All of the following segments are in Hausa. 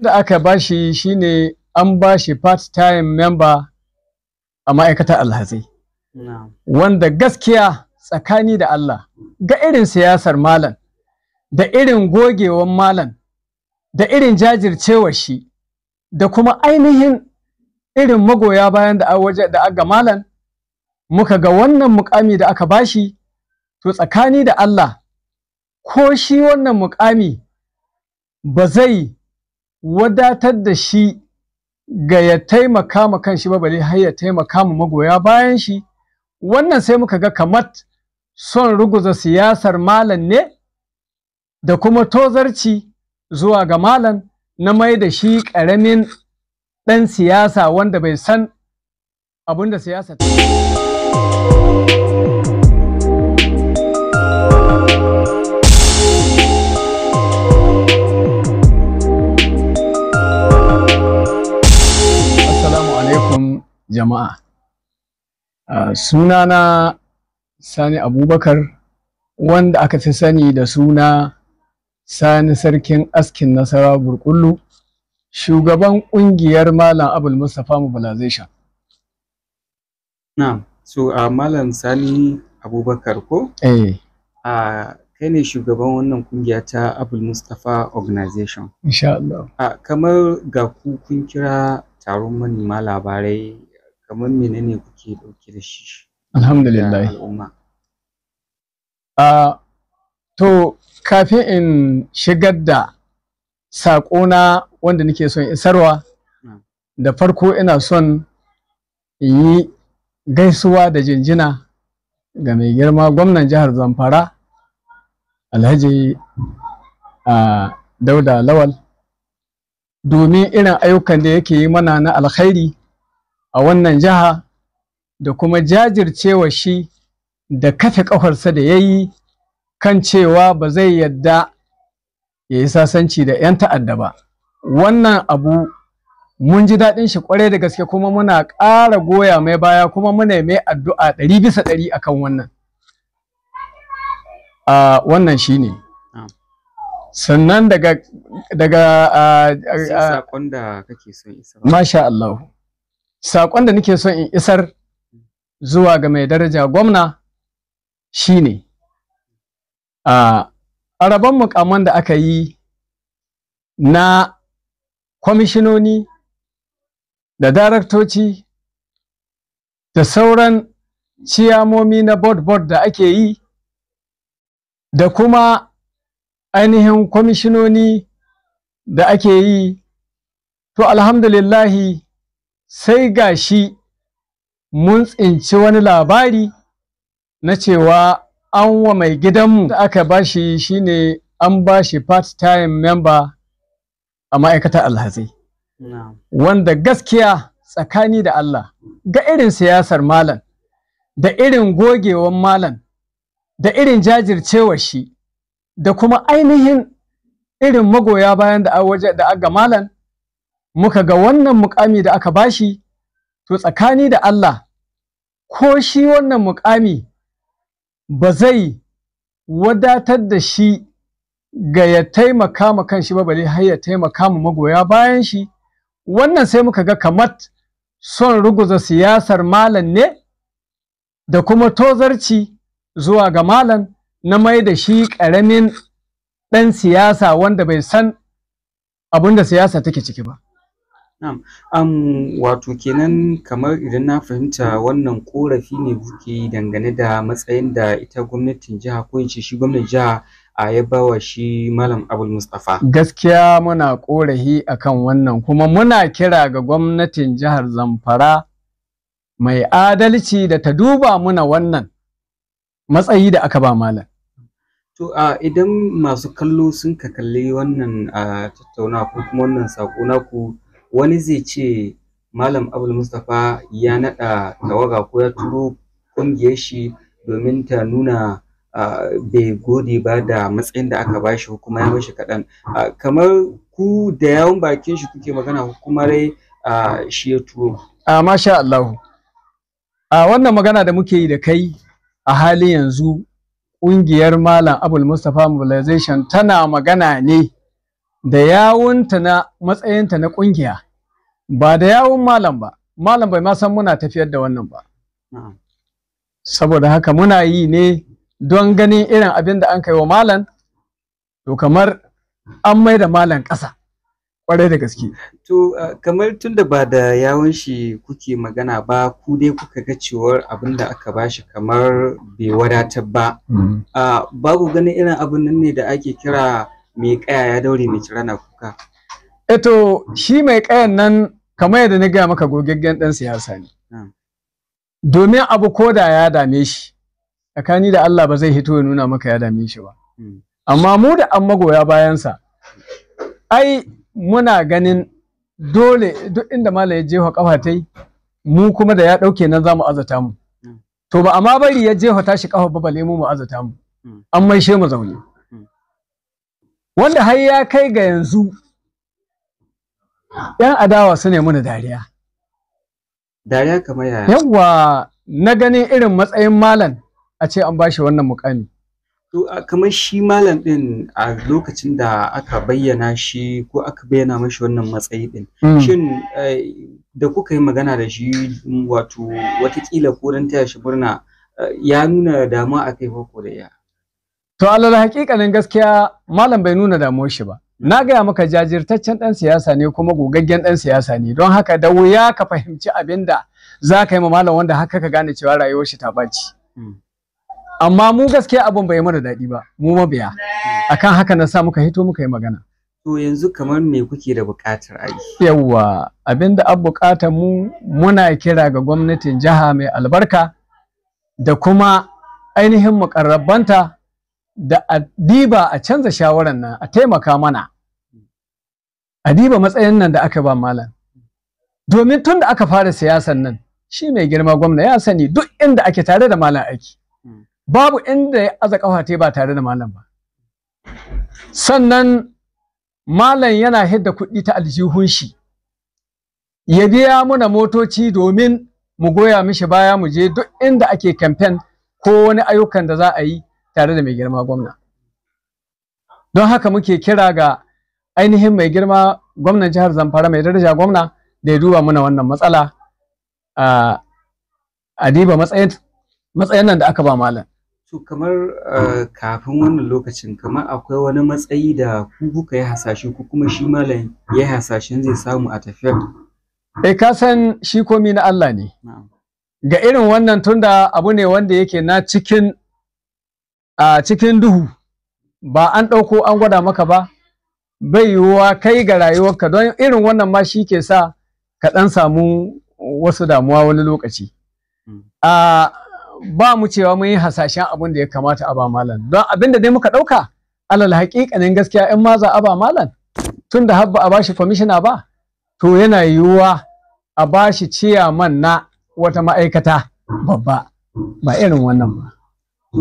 da aka ba shi shi ne an ba shi part-time member a ma'aikatar alhazai wanda gaskiya tsakani da Allah ga irin siyasar malam da irin gogewan malam da irin jajircewar shi da kuma ainihin irin magoya bayan da waje da aga malam muka ga wannan mukami da aka bashi to tsakani da Allah ko shi wannan mukami ba zai wadatar da shi ga ya taimaka ma kan shi ba bale har ya taimaka ma magoya bayan shi wannan sai muka ga kamar son ruguza siyasar malam ne da kuma tozarci zuwa ga malam na mai da shi ƙaramin ɗan siyasa wanda bai san abin da siyasa ta alaikum jama'a. Sunana Sani Abubakar wanda aka fi sani da suna Sani Sarkin Askin Nasara Burkullu, shugaban ƙungiyar Malam Abul Mustapha Mobilization. Na'am, so a Malam Sani Abubakar ko? Eh. A kai ne shugaban wannan kungiya ta Abul Mustapha Organization. Insha Allah. A kamar ga ku kun kira taron manema labarai kamar menene kuke ɗauke da shi alhamdulillah a to kafin in shigar da saƙona wanda nake son isarwa da farko ina son in yi gaisuwa da jinjina ga mai girma gwamnan jihar zamfara alhaji a dauda lawal domin irin ayyukan da yake yi mana na alkhairi a wannan jiha da kuma jajircewa shi da kafe ƙafarsa da ya yi kan cewa ba zai yadda ya yi sasanci da 'yan ta'adda ba wannan abu mun ji daɗin shi kwarai da gaske kuma muna ƙara goya mai baya kuma muna mai addu'a ɗari bisa ɗari akan wannan a wannan shi ne sannan daga daga saƙon da kake son isar masha Allah saƙon da nake son in isar zuwa ga mai daraja gwamna shine a araban mukaman da aka yi na kwamishinoni da daraktoci da sauran ciyamomi na board board da ake yi da kuma ainihin kwamishinoni da ake yi to alhamdulillahi sai gashi mun tsinci wani labari na cewa an wa mai gidanmu da aka bashi shine an bashi part-time member a ma'aikatar alhazi wanda gaskiya tsakani da Allah ga irin siyasar malam da irin gogewan malam da irin jajircewar shi da kuma ainihin irin magoya bayan da waje da aga malam muka ga wannan mukami da aka bashi to tsakani da Allah ko shi wannan mukami ba zai wadatar da shi ga ya taimaka ma kanshi ba bale har ya taimaka ma magoya bayan shi wannan sai muka ga kamar son ruguza siyasar malam ne da kuma tozarci zuwa ga malam na mai da shi ƙaramin ɗan siyasa wanda bai san abin da siyasa take ciki ba. Um, wato kenan kamar idan na fahimta wannan korafi ne kuke dangane da matsayin da ita gwamnatin jiha ko ce shi gwamnatin jiha a ya bawa shi malam abul mustapha gaskiya muna korafi akan wannan kuma muna kira ga gwamnatin jihar zamfara mai adalci da ta duba muna wannan matsayi da aka ba malam to a idan masu kallo sun ka kalli wannan a tattauna ko kuma wannan sako naku wani zai ce malam abul mustapha ya naɗa tawaga ko ya turo ƙungiyar shi domin ta nuna bai gode ba da matsayin da aka bashi kuma ya mashi kaɗan kamar ku da yawon bakin shi kuke magana kuma dai shi ya turo masha Allah a wannan magana da muke yi da kai a halin yanzu ƙungiyar Malam Abul Mustapha Mobilization tana magana ne da yawunta na matsayinta na ƙungiya ba da yawun malam ba malam bai ma san muna tafiyar da wannan ba saboda haka muna yi ne don ganin irin abin da an kai wa malam to kamar an mai da malam ƙasa kwarai da gaske to kamar tunda ba da yawon shi kuke magana ba ku dai kuka ga cewar abin da aka bashi kamar bai wadatar ba mm-hmm. babu ganin irin abin nan ne da ake kira mai kaya ya daure mai kira na kuka eto eh shi mai kayan nan kamar yadda na gaya maka gogaggen dan siyasa ne ah. domin abu ko da ya dame shi tsakani da Allah ba zai hito ya nuna maka ya dame shi ba hmm. amma mu da an magoya bayansa ai muna ganin dole duk inda mala ya jefa kafa ta mu kuma da ya ɗauke nan za mu azata mu mm. to ba amma bari ya jefa tashi kafa ba bale mu mu azata mu mm. an maishe mu zaune mm. wanda har ya kai ga yanzu yan adawa su ne muna dariya dariya kamar yawa na ganin irin matsayin malam a ce an bashi wannan mukami To kamar shi malam ɗin a lokacin da aka bayyana shi ko aka bayyana mashi wannan matsayi ɗin. Hmm. Shin eh, da kuka yi magana da shi wato watakila ko don taya shi murna eh, ya nuna damuwa a kai ko da ya? To alal hakikanin gaskiya malam bai nuna damuwar shi ba. Na gaya maka jajirtaccen ɗan siyasa ne kuma gogaggen ɗan siyasa ne don haka da wuya ka fahimci abin da za ka yi ma malam wanda haka ka gane cewa rayuwar shi ta ɓaci. Hmm. amma mu gaskiya abin bai mana daɗi ba mu mabiya akan haka na sa muka hito muka yi magana to yanzu kamar me kuke da buƙatar ai yawa abinda an buƙatar mu muna kira ga gwamnatin jiha mai albarka da kuma ainihin mukarrabanta da adiba a canza shawarar nan a taimaka mana adiba matsayin nan da aka ba malam domin tun da aka fara siyasan nan shi mai girma gwamna ya sani duk inda ake tare da malam aiki babu inda ya aza ƙafa ba tare da malam ba sannan malam yana hidda kuɗi ta aljihun shi ya biya muna motoci domin mu goya mishi baya mu je duk inda ake kamfen ko wani ayyukan da za a yi tare da mai girma gwamna don haka muke kira ga ainihin mai girma gwamnan jihar zamfara mai daraja gwamna da ya duba muna wannan matsala a diba matsayin nan da aka ba malam To kamar eh, kafin wannan lokacin kamar akwai wani matsayi da ku kuka yi hasashe ko kuma shi malam ya yi hasashen zai samu a tafiyar? Eh ka san shi komi na Allah ne. Ga irin wannan tunda abu ne wanda yake na cikin a cikin duhu ba an ɗauko an gwada maka ba bai yiwuwa kai ga rayuwarka don irin wannan ma shi ke sa ka ɗan samu wasu damuwa wani lokaci. Mm. A ba mu cewa mun yi hasashen abin da ya kamata a ba malam don abin da dai muka ɗauka alal haƙiƙanin gaskiya in ma za a ba malam tun da ba a bashi famishina ba to yana yiwuwa a bashi ciyaman na wata ma'aikata babba ba irin wannan ba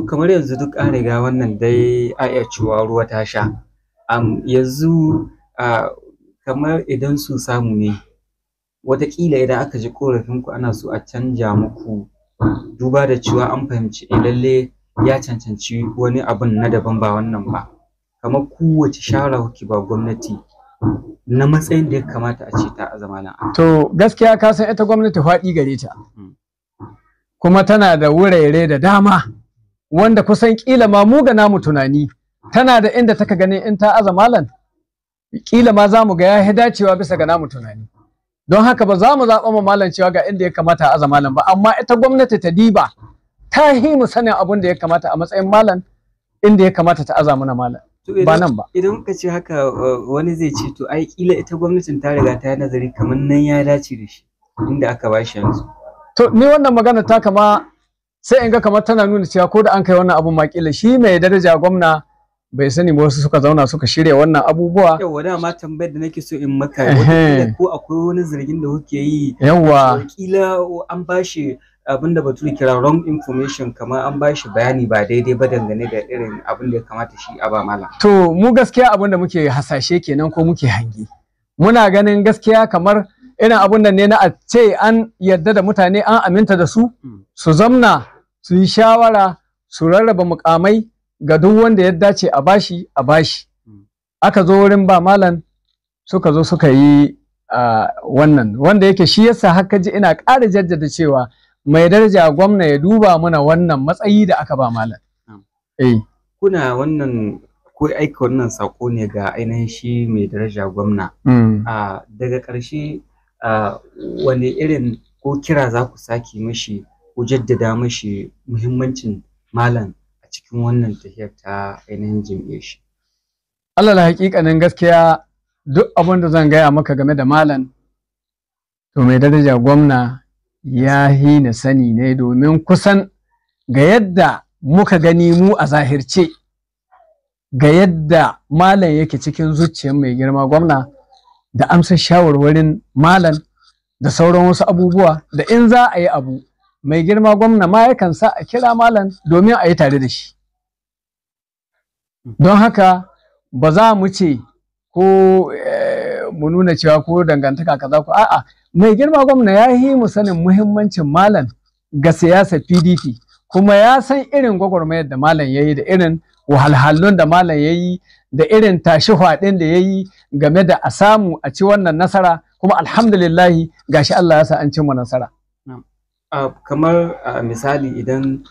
kamar yanzu duk an riga wannan dai a iya cewa ruwa ta sha yanzu kamar idan su samu ne watakila idan aka ji korafinku ana so a canja muku duba da cewa an fahimci eh lalle ya cancanci wani abun na daban ba wannan ba kamar kowace shawara kuke ba gwamnati na matsayin da ya kamata a ce ta a zamanin to gaskiya ka san ita gwamnati faɗi gare ta kuma tana da wurare da dama wanda kusan kila ma mu ga namu tunani tana da inda taka ganin in ta aza malam kila ma za mu ga ya dacewa bisa ga namu tunani don haka ba za mu zaɓa mu malam cewa ga inda ya kamata a aza malam ba amma ita gwamnati ta diba ta yi mu sanin abin da ya kamata a matsayin malam inda ya kamata ta aza mana malam ba nan ba idan ka ce haka uh, wani zai ce to ai kila ita gwamnatin ta riga ta yi nazari kamar nan ya dace da shi inda aka ba shi yanzu to ni wannan magana ta kama sai in ga kamar tana nuna cewa ko da an kai wannan abun ma kila shi mai daraja gwamna bai sani ba wasu suka zauna suka shirya wannan abubuwa yawa ma tambayar da nake so in maka ko akwai wani zargin da kuke yi yawa kila an bashi abin da kira wrong information kamar an bashi bayani ba daidai ba dangane da irin abin ya kamata shi a ba malam to mu gaskiya abin da muke hasashe kenan ko muke hangi muna ganin gaskiya kamar irin abin da ne na a ce an yarda da mutane an aminta da su hmm. su zamna su yi shawara su rarraba mukamai ga duk wanda ya dace a bashi a bashi mm. aka zo wurin ba malam suka zo suka yi wannan wanda yake shi yasa haka ji ina ƙara jaddada cewa mai daraja gwamna ya duba mana wannan matsayi da aka ba malam mm. eh. kuna wannan ko aika wannan sako ne ga ainihin shi mai daraja gwamna mm. daga ƙarshe wani irin ko kira za ku sake mashi ko jaddada mashi muhimmancin malam a cikin wannan tafiyar ta ainihin jam'iyyar shi Allah la hakikanin gaskiya duk abin da zan gaya maka game da malam to mai daraja gwamna ya hi na sani ne domin kusan ga yadda muka gani mu a zahirce ga yadda malam yake cikin zuciyar mai girma gwamna da amsa shawarwarin malam da sauran wasu abubuwa da in za a yi abu mai girma gwamna ma yakan sa a kira malam domin a yi tare da shi don haka ba za mu ce ko eh, mu nuna cewa ko dangantaka kaza ko a'a mai girma gwamna ya yi mu sanin muhimmancin malam ga siyasar pdp kuma ya san irin gwagwarmayar da malam ya yi da irin wahalhalun da malam ya yi da irin tashi faɗin da ya yi game da a samu a ci wannan nasara kuma alhamdulillahi gashi Allah ya sa an cimma nasara kamar misali idan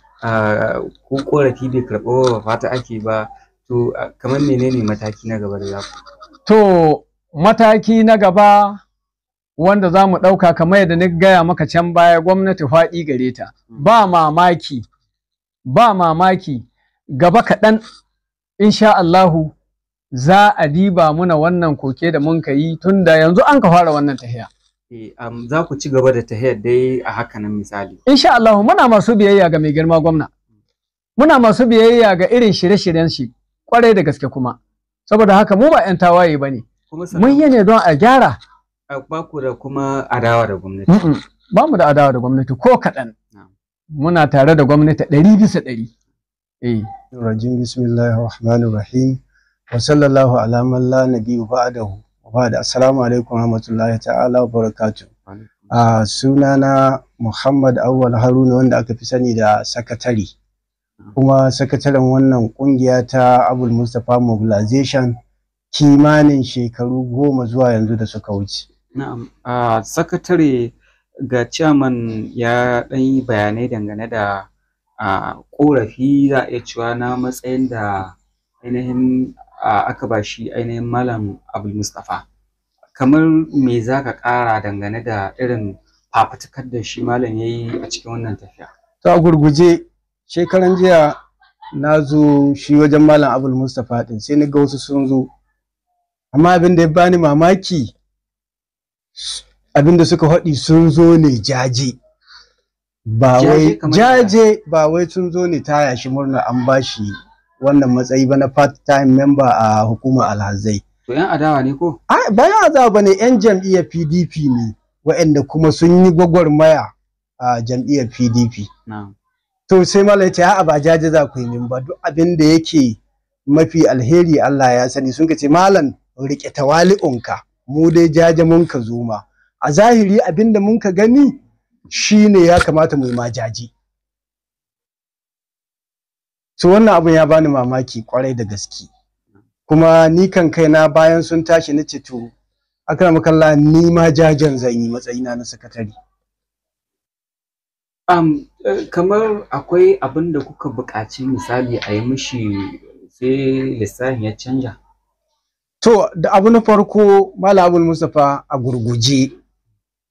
ko ƙorafi bai karɓu ba fata ake ba to kamar menene mataki na gaba da za ku to mataki na gaba wanda za mu ɗauka kamar yadda na gaya maka can baya gwamnati faɗi gare ta ba mamaki ba mamaki gaba kaɗan insha Allahu za a diba muna wannan koke da mun ka yi tun da yanzu an ka fara wannan tahiya Eh, za ku ci gaba da tahiyar dai a haka nan misali. Insha Allah muna masu biyayya ga mai girma gwamna. Muna masu biyayya ga irin shirye-shiryen shi kwarai da gaske kuma. Saboda haka mu ba 'yan tawaye ba ne. Mun yi ne don a gyara. Ba ku da kuma adawa da gwamnati. Ba mu da adawa da gwamnati ko kaɗan. Muna tare da gwamnati ɗari bisa ɗari. Rajim eh. bismillahir rahmanir rahim wa sallallahu ala man la nabiyyu ba'dahu Obada, assalamu alaikum rahmatullahi ta'ala wa barakatuh a ah, sunana Muhammad Awal Haruna wanda aka fi sani da sakatari mm-hmm. kuma sakataren wannan kungiya ta Abul Mustapha Mobilization kimanin shekaru goma zuwa yanzu da suka wuce na'am ah, sakatare ga chairman ya dan yi bayanai dangane da a ah, korafi za a iya cewa na matsayin da ainihin aka ba shi ainihin malam abul mustafa kamar me za ka ƙara dangane da irin fafutukar da shi malam ya yi a cikin wannan tafiya ta gurguje shekaran jiya na zo shi wajen malam abul mustafa din sai ni ga wasu sun zo amma abin da ya bani mamaki abin da suka haɗi sun zo ne jaje ba wai jaje ba wai sun zo ne taya shi murna an bashi wannan matsayi ba na part time member a hukumar alhazai to yan adawa ne ko Ba bayan adawa ne yan jam'iyyar PDP ne waɗanda kuma sun yi gwagwarmaya a jam'iyyar PDP to sai malai ta a ba jaje za ku yi min duk abin da yake mafi alheri Allah ya sani sun ce malam riƙe tawali'unka mu dai jaje mun ka zo ma a zahiri abin da mun ka gani shine ya kamata mu yi ma jaji so wannan abin ya bani mamaki kwarai da gaske kuma ni kan kaina bayan sun tashi na ce to akram kalla ni ma jajen zan yi matsayina na sakatare um, kamar akwai abin da kuka buƙaci misali a yi mishi sai lissafin ya canja to da abu na farko malamul mustafa a gurguje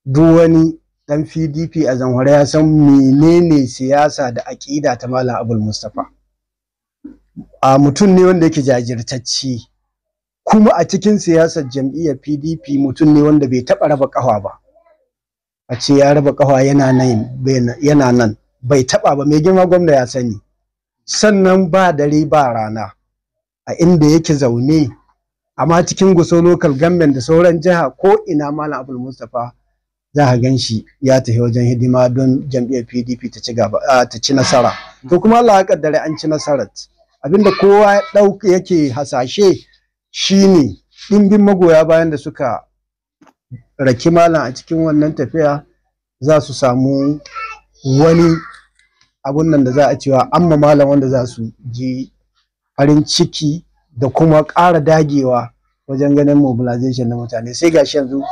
duk wani dan pdp a zanwara ya san menene siyasa da aƙida ta malam abul a mutum ne wanda yake jajirtacce kuma a cikin siyasar jam'iyyar pdp mutum ne wanda bai taɓa raba ƙafa ba a ce ya raba ƙafa yana nan bai taba ba mai girma gwamna ya sani sannan ba dare ba rana a inda yake zaune amma cikin guso local government da sauran jiha ko ina malam abul mustapha za a gan shi ya tafi wajen hidima don jam'iyyar pdp ta ci nasara to kuma allah ya kaddare an ci nasarar abinda kowa ɗauka yake hasashe shine ɗimbin magoya bayan da suka raki malam a cikin wannan tafiya za su samu wani abun nan da za a cewa amma malam wanda za su ji farin ciki da kuma ƙara dagewa wajen ganin mobilization na mutane sai gashi yanzu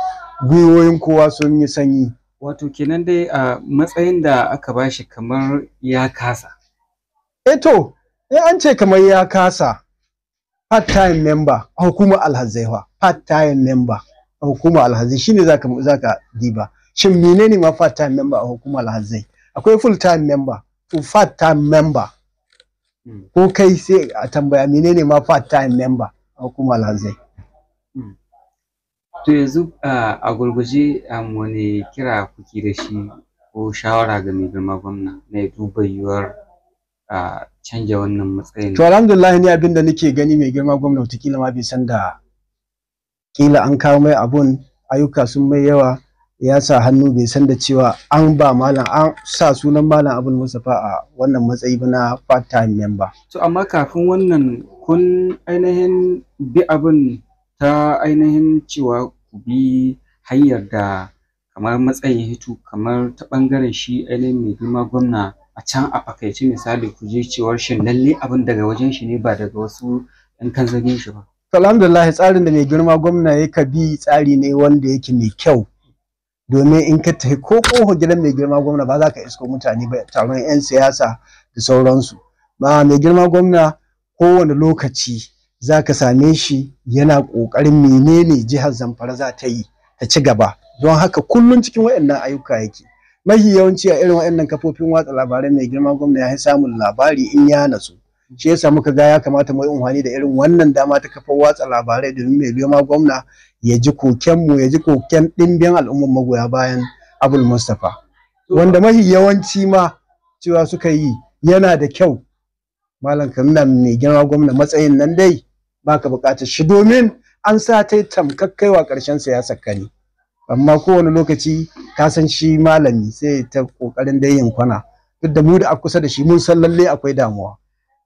gwiwoyin kowa sun yi sanyi wato kenan dai a matsayin da aka bashi kamar ya kasa eto eh eh an ce kamar ya kasa part time member a hukumar alhazaiwa part time member a hukumar alhazai shine zaka zaka diba shin menene ma part time member a hukumar alhazai akwai full time member to part time member hmm. ko kai sai a tambaya menene ma part time member a hukumar alhazai hmm. to yanzu a gurguje um, wani kira kuke da shi ko shawara ga mai girma gwamna mai duba yiwuwar canja wannan matsayin to alhamdulillah ni abin da nake gani mai girma gwamnati kila ma bai san da kila an kawo mai abun ayyuka sun mai yawa ya sa hannu bai san da cewa an ba malam an sa sunan malam abul musafa a wannan matsayi na part time member to amma kafin wannan kun ainihin bi abin ta ainihin cewa ku bi hanyar da kamar matsayin hitu kamar ta bangaren shi ainihin mai girma gwamna a can a fakaice misali ku je cewar shin lalle abin daga wajen shi ne ba daga wasu 'yan kan shi ba alhamdulillah tsarin da mai girma gwamna ya ka bi tsari ne wanda yake mai kyau domin in ka tafi ko ƙofa gidan mai girma gwamna ba za ka isko mutane ba taron 'yan siyasa da sauransu Ba mai girma gwamna kowane lokaci za ka same shi yana ƙoƙarin menene jihar zamfara za ta yi ta ci gaba don haka kullum cikin waɗannan ayyuka yake mahi yawanci a irin waɗannan kafofin watsa labarai mai girma gwamna ya samun labari in ya nasu shi yasa muka ga ya kamata mu yi unhwani da irin wannan dama ta kafar watsa labarai domin mai girma gwamna ya ji koken mu ya ji koken ɗimbin al'ummar magoya bayan abul Mustafa. wanda mahi yawanci ma cewa suka yi yana da kyau malam kamina mai girma gwamna matsayin nan dai baka buƙatar shi domin an sa ta tamkakkaiwa ƙarshen siyasar kani amma kowane lokaci ka san shi malami sai ta kokarin da yin kwana duk da mu da kusa da shi mun san lalle akwai damuwa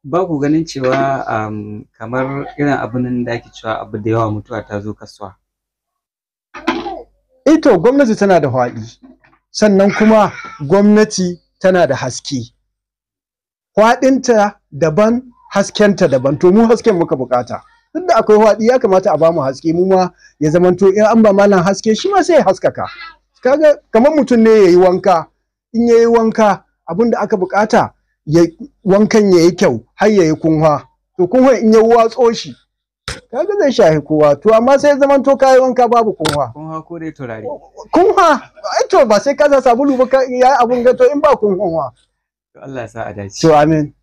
ba ku ganin cewa um, kamar irin abin da ake cewa abu da yawa mutuwa ta zo kasuwa ito eh gwamnati tana da haɗi sannan kuma gwamnati tana da haske haɗinta daban haskenta daban to mu hasken muka bukata tunda akwai hwaɗi ya kamata a bamu haske mu ma ya zamanto in an ba malam haske shi ma sai ya haskaka kaga kamar mutum ne yayi wanka in yayi wanka abin da aka bukata ya wankan yayi kyau har yayi kunwa to kunwa in ya watso shi kaga zai shahi kowa to amma sai zaman to kayi wanka babu kunwa kunwa ko dai turare kunwa ai to ba sai ka sa sabulu ba ya abun ga to in ba kunwa to Allah ya sa a dace to amin